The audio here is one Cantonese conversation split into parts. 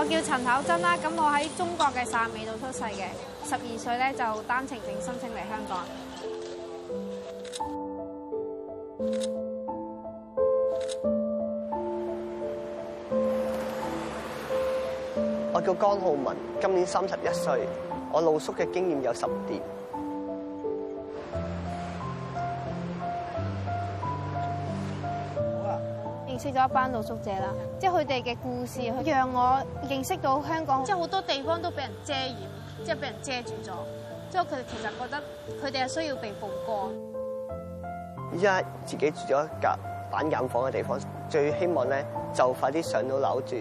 我叫陳巧真啦，咁我喺中國嘅汕尾度出世嘅，十二歲咧就單程證申請嚟香港。我叫江浩文，今年三十一歲，我露宿嘅經驗有十年。一班露宿者啦，即係佢哋嘅故事，讓我認識到香港，即係好多地方都俾人遮掩，即係俾人遮住咗。之後佢哋其實覺得，佢哋係需要被曝光。依家自己住咗一格板間房嘅地方，最希望咧就快啲上到樓住。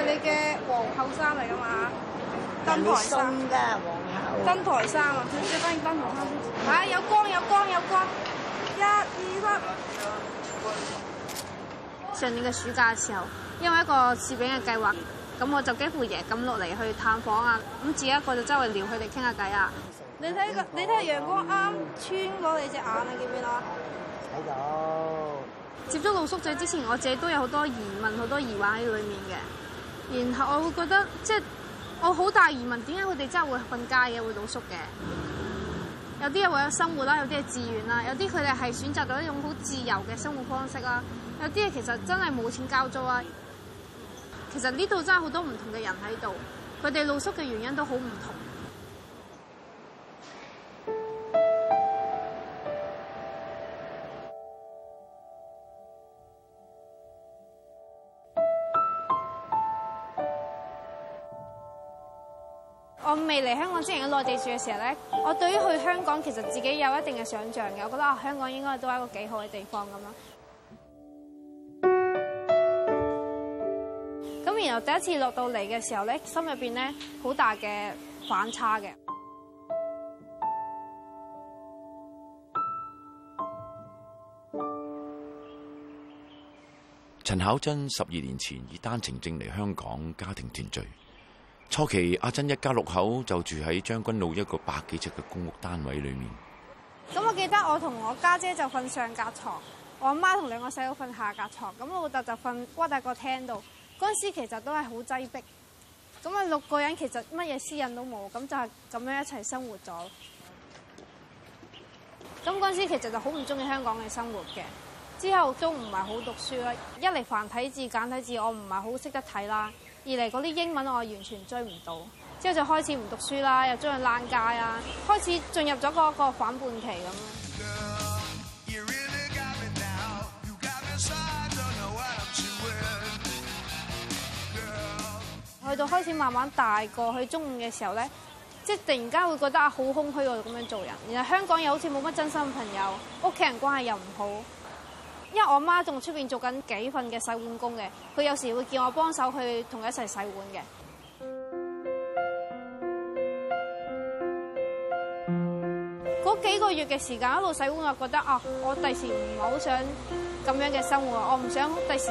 係你嘅皇后衫嚟噶嘛？登台衫。你皇后。登台衫啊，最中意登台衫。吓，有光有光有光！一、二、三。上年嘅暑假嘅時候，因為一個攝影嘅計劃，咁我就幾乎夜咁落嚟去探訪啊，咁自己一個就周圍撩佢哋傾下偈啊。你睇個，你睇下，陽光啱穿過你隻眼啊，見唔見啊？睇到。接觸露宿者之前，我自己都有好多疑問、好多疑惑喺裏面嘅。然後我會覺得，即係我好大疑問，點解佢哋真係會瞓街嘅，會露宿嘅？有啲係為咗生活啦，有啲係自願啦，有啲佢哋係選擇咗一種好自由嘅生活方式啦，有啲嘢其實真係冇錢交租啊。其實呢度真係好多唔同嘅人喺度，佢哋露宿嘅原因都好唔同。未嚟香港之前喺內地住嘅時候呢，我對於去香港其實自己有一定嘅想像嘅，我覺得、哦、香港應該都係一個幾好嘅地方咁啦。咁然後第一次落到嚟嘅時候呢，心入邊呢，好大嘅反差嘅。陳巧真十二年前以單程證嚟香港，家庭團聚。初期阿真一家六口就住喺將軍路一個百幾尺嘅公屋單位裏面。咁我記得我同我家姐，姐就瞓上格床，我阿媽同兩個細佬瞓下格床，咁我老豆就瞓瓜大個廳度。嗰陣時其實都係好擠迫。咁啊六個人其實乜嘢私隱都冇，咁就係咁樣一齊生活咗。咁嗰陣時其實就好唔中意香港嘅生活嘅，之後都唔係好讀書啦，一嚟繁體字簡體字我唔係好識得睇啦。二嚟嗰啲英文我完全追唔到，之後就開始唔讀書啦，又將去爛街啊，開始進入咗嗰個反叛期咁咯。佢就、去到、開始慢慢大個，去中五嘅時候咧，即係突然間會覺得啊好空虛啊咁樣做人，然後香港又好似冇乜真心嘅朋友，屋企人關係又唔好。因為我媽仲出邊做緊幾份嘅洗碗工嘅，佢有時會叫我幫手去同佢一齊洗碗嘅。嗰 幾個月嘅時間一路洗碗，我覺得啊、哦，我第時唔係好想咁樣嘅生活，我唔想第、 那個、時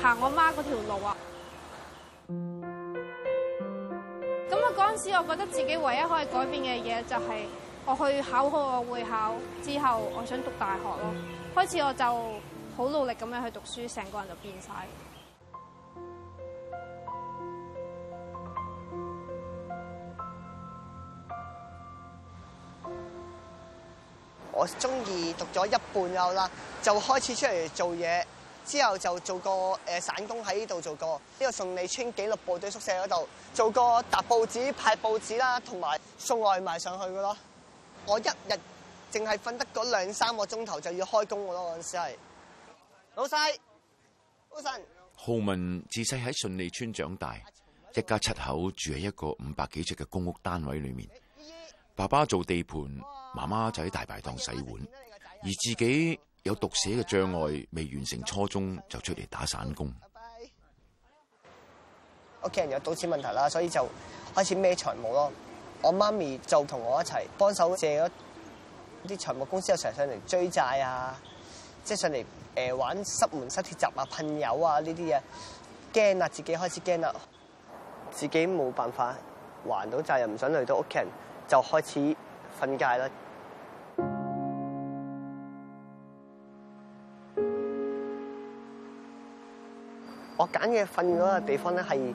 行我媽嗰條路啊。咁啊，嗰陣時我覺得自己唯一可以改變嘅嘢就係我去考好我會考之後，我想讀大學咯。開始我就好努力咁樣去讀書，成個人就變晒。我中二讀咗一半啦，就開始出嚟做嘢，之後就做過誒散工，喺呢度做過，呢個順利村紀律部隊宿舍嗰度做過，遞報紙、派報紙啦，同埋送外賣上去噶咯。我一日，淨係瞓得嗰兩三個鐘頭就要開工咯。嗰時係老細，老神浩文自細喺順利村長大，一家七口住喺一個五百幾尺嘅公屋單位裏面。爸爸做地盤，媽媽就喺大排檔洗碗，而自己有讀寫嘅障礙，未完成初中就出嚟打散工。屋企人又賭錢問題啦，所以就開始孭財務咯。我媽咪就同我一齊幫手借咗。啲財務公司成日上嚟追債啊，即係上嚟誒玩濕門濕鐵閘啊、噴油啊呢啲嘢，驚啊！自己開始驚啦，自己冇辦法還到債，又唔想累到屋企人，就開始瞓街啦。我揀嘅瞓嗰個地方咧，係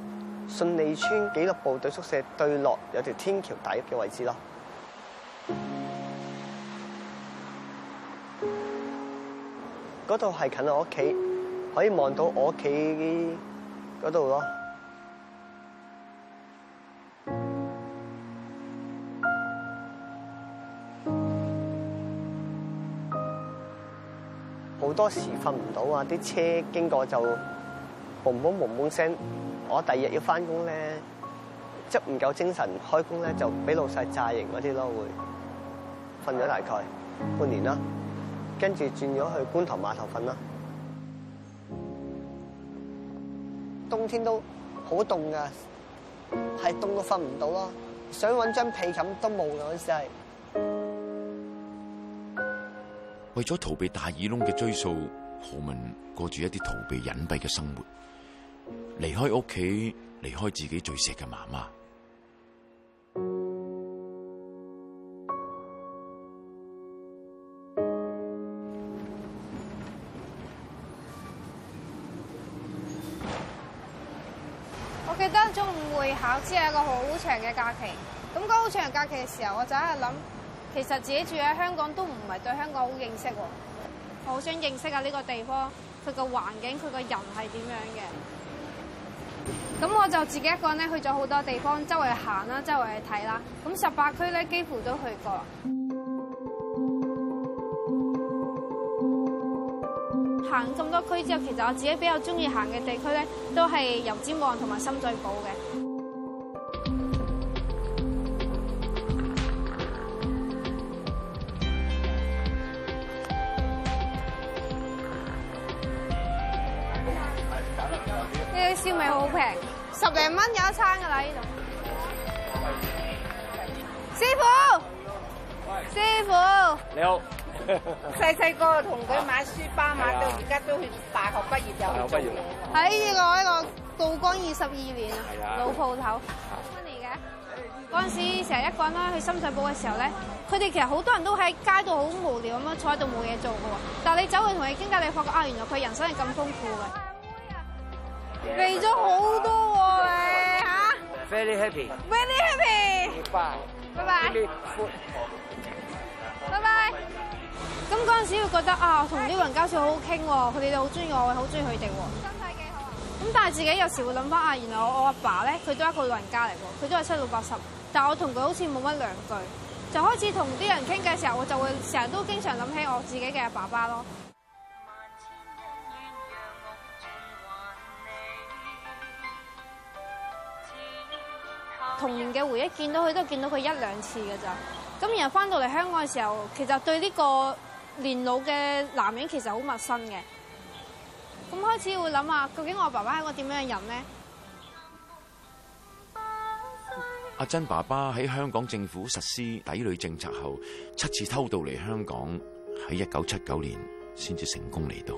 順利村紀律部隊宿舍對落有條天橋底嘅位置咯。嗰度係近我屋企，可以望到我屋企嗰度咯。好多時瞓唔到啊！啲車經過就嗡嗡嗡嗡聲。我第二日要翻工咧，即係唔夠精神開工咧，就俾老細炸營嗰啲咯。會瞓咗大概半年啦。跟住轉咗去觀塘碼頭瞓啦，冬天都好凍㗎，係凍到瞓唔到咯，想搵張被冚都冇嘅嗰時係。為咗逃避大耳窿嘅追數，浩文過住一啲逃避隱蔽嘅生活，離開屋企，離開自己最錫嘅媽媽。長嘅假期，咁高長假期嘅時候，我就喺度諗，其實自己住喺香港都唔係對香港好認識喎，我好想認識下呢個地方，佢個環境，佢個人係點樣嘅。咁我就自己一個人咧去咗好多地方，周圍行啦，周圍去睇啦。咁十八區咧幾乎都去過。行咁 多區之後，其實我自己比較中意行嘅地區咧，都係油尖旺同埋深水埗嘅。有一餐噶啦，呢度。師傅，師傅。你好。細細個同佢買書包、啊、買到而家都去大學畢業又。大學畢業。喺呢、呢個呢個道光二十二年啊，老鋪頭。多年嘅。嗰陣時成日一個人啦，去深水埗嘅時候咧，佢、嗯、哋其實好多人都喺街度好無聊咁樣坐喺度冇嘢做嘅喎。但係你走去同佢傾偈，你發覺啊，原來佢人生係咁豐富嘅。大妹啊，肥咗好多。very happy, very happy。拜拜，拜拜，拜。咁嗰陣時會覺得啊，同老人家似好好傾喎，佢哋好中意我，好中意佢哋喎。身體幾好啊？咁但係自己有時會諗翻啊，原來我阿爸咧，佢都一個老人家嚟喎，佢都係七六八十，但係我同佢好似冇乜兩句，就開始同啲人傾偈嘅時候，我就會成日都經常諗起我自己嘅爸爸咯。童年嘅回憶，見到佢都見到佢一兩次嘅咋。咁然後翻到嚟香港嘅時候，其實對呢個年老嘅男人其實好陌生嘅。咁開始會諗啊，究竟我爸爸係一個點樣嘅人咧？阿珍爸爸喺香港政府實施抵壘政策後七次偷渡嚟香港，喺一九七九年先至成功嚟到。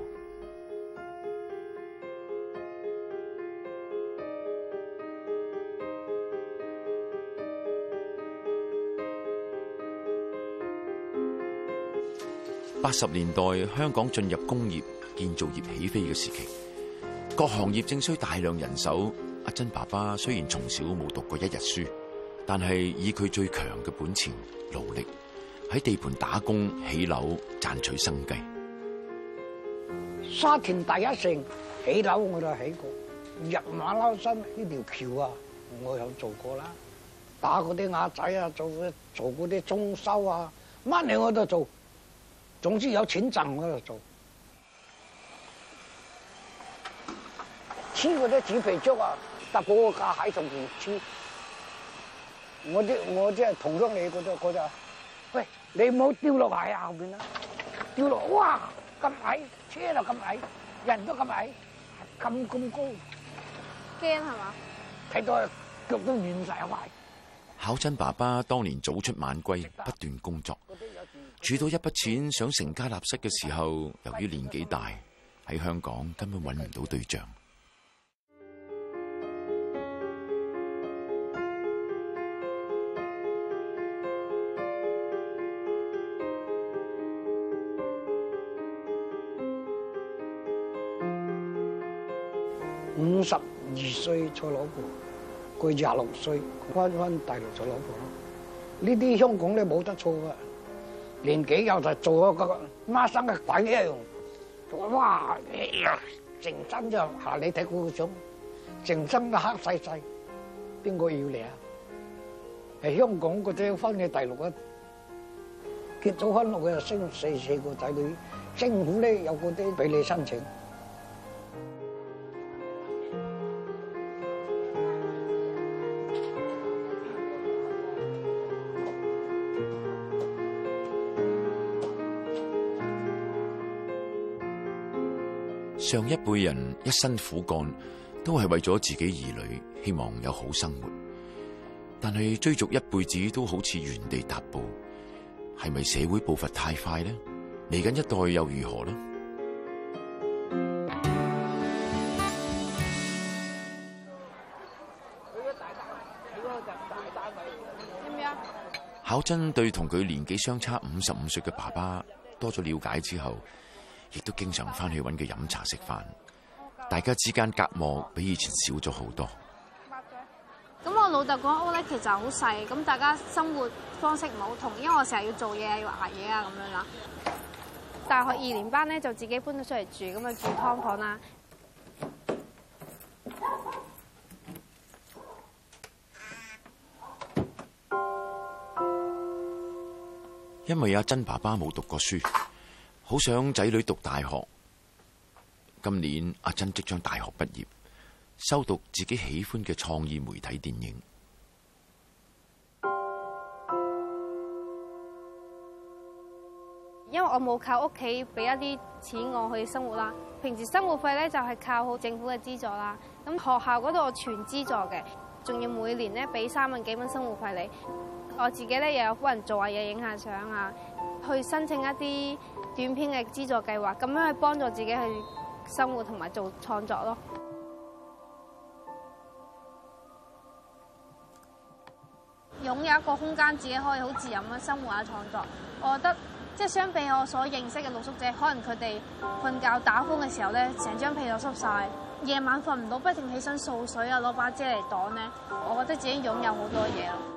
八十年代，香港進入工業、建造業起飛嘅時期，各行業正需大量人手。阿珍爸爸雖然從小冇讀過一日書，但係以佢最強嘅本錢努力喺地盤打工起樓，賺取生計。沙田第一城起樓我就起過，入馬騮山呢條橋啊，我有做過啦，打嗰啲瓦仔啊，做做嗰啲裝修啊，乜嘢我都做。總之有錢賺我就做。黐嗰啲紙皮竹啊，搭嗰個架喺度黐。我啲我啲係同咗你嗰度嗰度。喂，你唔好掉落嚟啊，後邊啦！掉落哇，咁矮，車又咁矮，人都咁矮，咁咁高。驚係嘛？睇到腳都軟曬埋。巧真，爸爸當年早出晚歸，不斷工作，儲到一筆錢，想成家立室嘅時候，由於年紀大，喺香港根本搵唔到對象。五十二歲才娶佢廿六歲，返返大陸做老婆咯。呢啲香港咧冇得錯噶，年紀又就做咗個孖生嘅鬼一樣，哇！成身就嚇你睇佢個種，成身嘅黑細細，邊個要嚟啊？喺香港嗰啲返去大陸啊，結咗婚落去又生四四個仔女，政府咧有個啲俾你申請。上一輩人一身苦幹，都係為咗自己兒女，希望有好生活。但係追逐一輩子都好似原地踏步，係咪社會步伐太快呢？嚟緊一代又如何呢？ 巧真對同佢年紀相差五十五歲嘅爸爸多咗了解之後。亦都經常翻去揾佢飲茶食飯，大家之間隔膜比以前少咗好多。咁我老豆嗰屋咧，其實好細，咁大家生活方式唔好同，因為我成日要做嘢、要捱嘢啊咁樣啦。大學二年班呢，就自己搬咗出嚟住，咁啊住劏房啦。因為阿真爸爸冇讀過書。好想仔女讀大學。今年阿真即將大學畢業，修讀自己喜歡嘅創意媒體電影。因為我冇靠屋企俾一啲錢我去生活啦，平時生活費咧就係靠好政府嘅資助啦。咁學校嗰度全資助嘅，仲要每年咧俾三萬幾蚊生活費你。我自己咧又有幫人做下嘢，影下相啊。去申請一啲短片嘅資助計劃，咁樣去幫助自己去生活同埋做創作咯。擁有一個空間，自己可以好自由咁生活下創作。我覺得即係相比我所認識嘅露宿者，可能佢哋瞓覺打風嘅時候咧，成張被就濕晒，夜晚瞓唔到，不停起身掃水啊，攞把遮嚟擋咧。我覺得自己擁有好多嘢咯。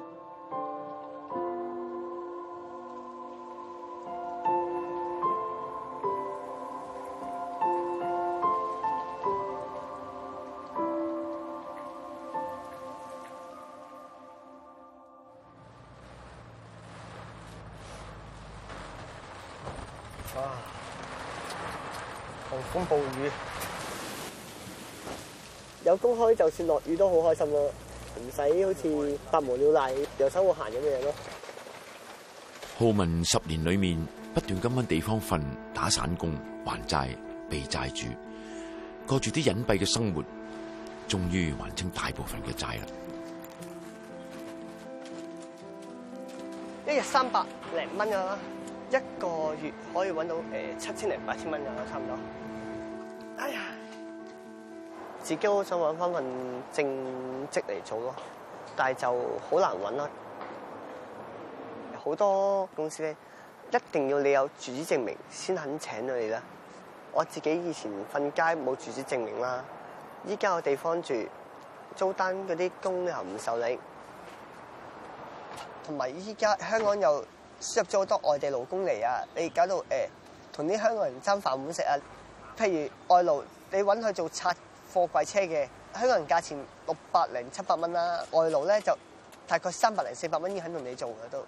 風暴雨有工開，就算落雨都好開心咯，唔使好似百無聊賴又生活閒咗嘅嘢咯。浩文十年裏面不斷咁搵地方瞓打散工還債，被債主過住啲隱蔽嘅生活，終於還清大部分嘅債啦。一日三百零蚊呀，一個月可以搵到誒七千零八千蚊呀，啦，差唔多。哎呀，自己好想揾翻份正職嚟做咯，但係就好難揾啦。好多公司咧，一定要你有住址證明先肯請到你啦。我自己以前瞓街冇住址證明啦，依家有地方住，租單嗰啲工又唔受理。同埋依家香港又輸入咗好多外地勞工嚟啊，你搞到誒同啲香港人爭飯碗食啊！譬如外勞，你揾佢做拆貨櫃車嘅香港人，價錢六百零七百蚊啦。外勞咧就大概三百零四百蚊已經肯同你做嘅都。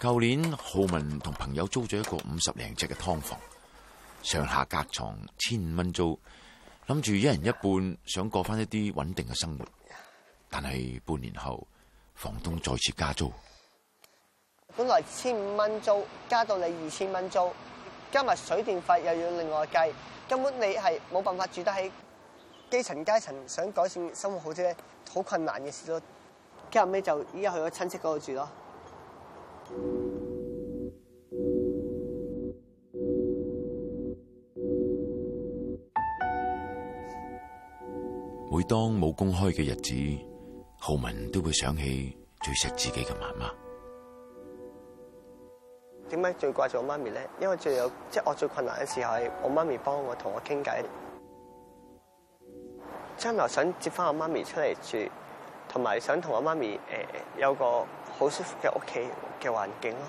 舊年浩文同朋友租咗一個五十零尺嘅劏房，上下隔床千五蚊租，諗住一人一半，想過返一啲穩定嘅生活。但係半年後，房東再次加租，本來千五蚊租，加到你二千蚊租，加埋水電費又要另外計，根本你係冇辦法住得起。基層階層想改善生活，好啲咧，好困難嘅事咯。跟後尾就依家，去咗親戚嗰度住咯。每當冇工開嘅日子。浩文都會想起最錫自己嘅媽媽。點解最掛住我媽咪咧？因為最有即係、就是、我最困難嘅時候係我媽咪幫我同我傾偈。將來想接翻我媽咪出嚟住，同埋想同我媽咪誒、呃、有個好舒服嘅屋企嘅環境咯。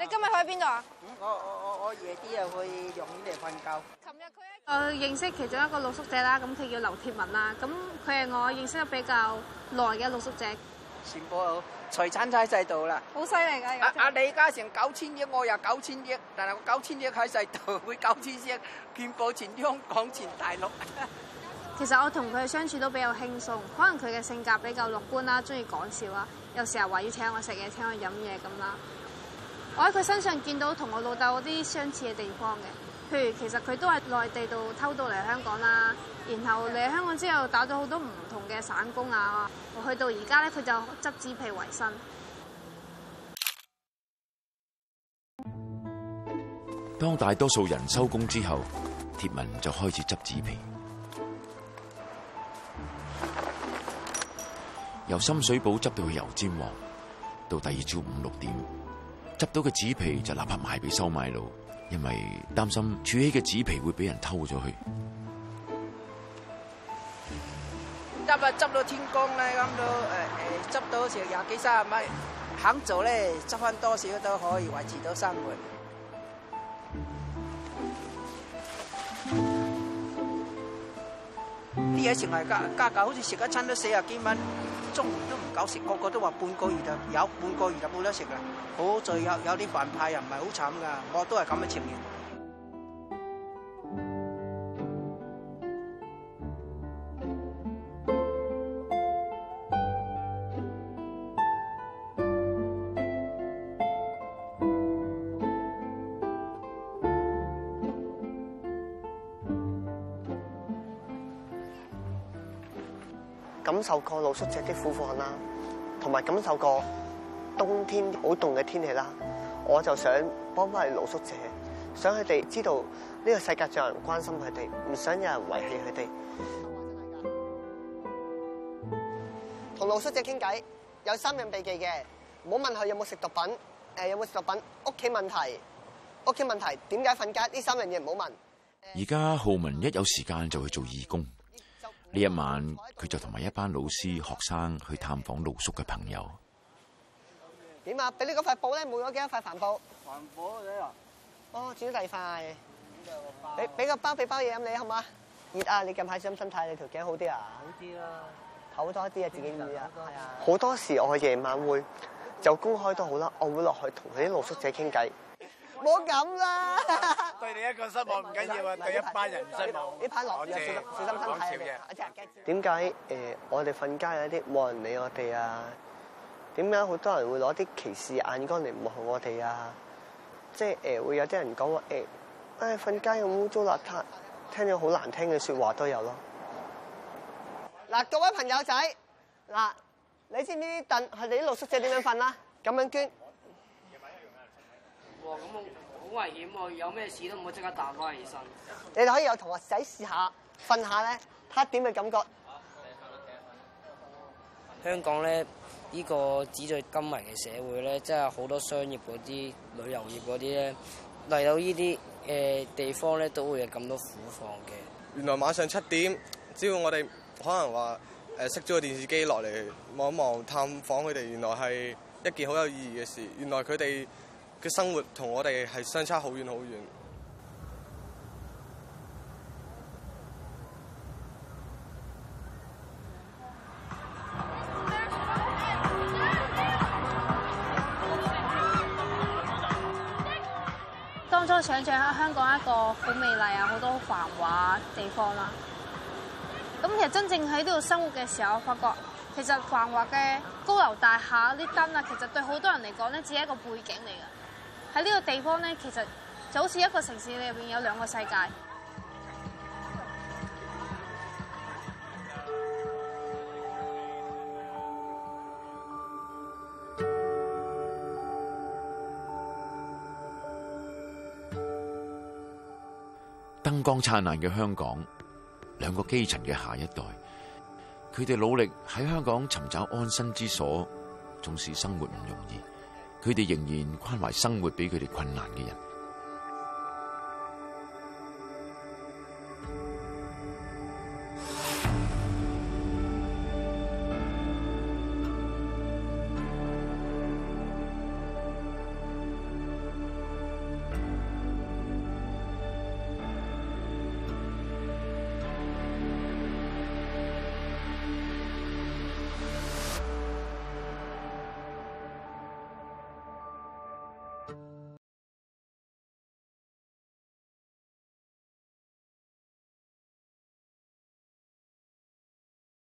你今日去邊度啊？嗯，我我我我夜啲又去用嚟瞓覺。琴日佢，誒，認識其中一個露宿者啦，咁佢叫劉鐵文啦，咁佢係我認識得比較耐嘅露宿者。全部好財產喺世度啦。好犀利噶！阿阿李嘉誠九千億，我又九千億，但係我九千億喺世度，會九千億遍布全香港，講全大陸。其實我同佢相處都比較輕鬆，可能佢嘅性格比較樂觀啦，中意講笑啦，有時候話要請我食嘢，請我飲嘢咁啦。我喺佢身上見到同我老豆嗰啲相似嘅地方嘅，譬如其實佢都係內地度偷渡嚟香港啦，然後嚟香港之後打咗好多唔同嘅散工啊，我去到而家咧，佢就執紙皮為生。當大多數人收工之後，鐵文就開始執紙皮，由深水埗執到去油尖旺，到第二朝五六點。執到個紙皮就立刻賣俾收買佬，因為擔心儲起嘅紙皮會俾人偷咗去。執啊，執到天光咧，咁都誒誒，執到成廿幾三十米，肯做咧，執返多少都可以維持到生活。你而家成個價價格好似成個餐都四十幾蚊。都唔夠食，個個都話半個月就有半個月就冇得食啦。好在有有啲飯派又唔係好慘㗎，我都係咁嘅情形。感受過露宿者的苦況啦，同埋感受過冬天好凍嘅天氣啦，我就想幫翻嚟露宿者，想佢哋知道呢個世界仲有人關心佢哋，唔想有人遺棄佢哋。同露宿者傾偈有三樣避忌嘅，唔好問佢有冇食毒品，誒有冇食毒品，屋企問題，屋企問題，點解瞓街呢？呢三樣嘢唔好問。而家浩文一有時間就去做義工。呢一晚佢就同埋一班老師、學生去探訪露宿嘅朋友麼。點啊？俾你嗰塊布咧，冇咗幾多塊帆布。帆布你啊！哦，轉第二塊。俾俾個包俾包嘢你，好嘛？熱啊！你近排心心態？你條頸好啲啊？好啲啦，唞多啲啊！自己暖。係啊。好多時我去夜晚會就公開都好啦，我會落去同啲露宿者傾偈。冇咁啦！ 對你一個失望唔緊要啊！對一班人失望，呢班落伍嘅小心心睇啊！點解誒我哋瞓街有啲冇人理我哋啊？點解好多人會攞啲歧視眼光嚟望我哋啊？即係誒會有啲人講話誒誒瞓街咁污糟邋遢，聽咗好難聽嘅説話都有咯。嗱、啊、各位朋友仔，嗱、啊、你知唔知凳係啲露宿者點樣瞓啊？咁 樣捐。好危險喎！有咩事都唔好即刻彈返起身。你哋可以有同學仔試下瞓下咧，睇下點嘅感覺。看看看看看看香港咧，呢、呢個紙醉金迷嘅社會咧，真係好多商業嗰啲旅遊業嗰啲咧，嚟到呢啲誒地方咧，都會有咁多苦況嘅。原來晚上七點，只要我哋可能話誒熄咗個電視機落嚟望一望探訪佢哋，原來係一件好有意義嘅事。原來佢哋嘅生活同我哋係相差好遠好遠。當初想像香港一個好美麗啊，好多繁華地方啦。咁其實真正喺呢度生活嘅時候，我發覺其實繁華嘅高樓大廈啲燈啊，其實對好多人嚟講咧，只係一個背景嚟嘅。喺呢個地方咧，其實就好似一個城市裏面有兩個世界。燈光燦爛嘅香港，兩個基層嘅下一代，佢哋努力喺香港尋找安身之所，縱使生活唔容易。佢哋仍然關懷生活比佢哋困難嘅人。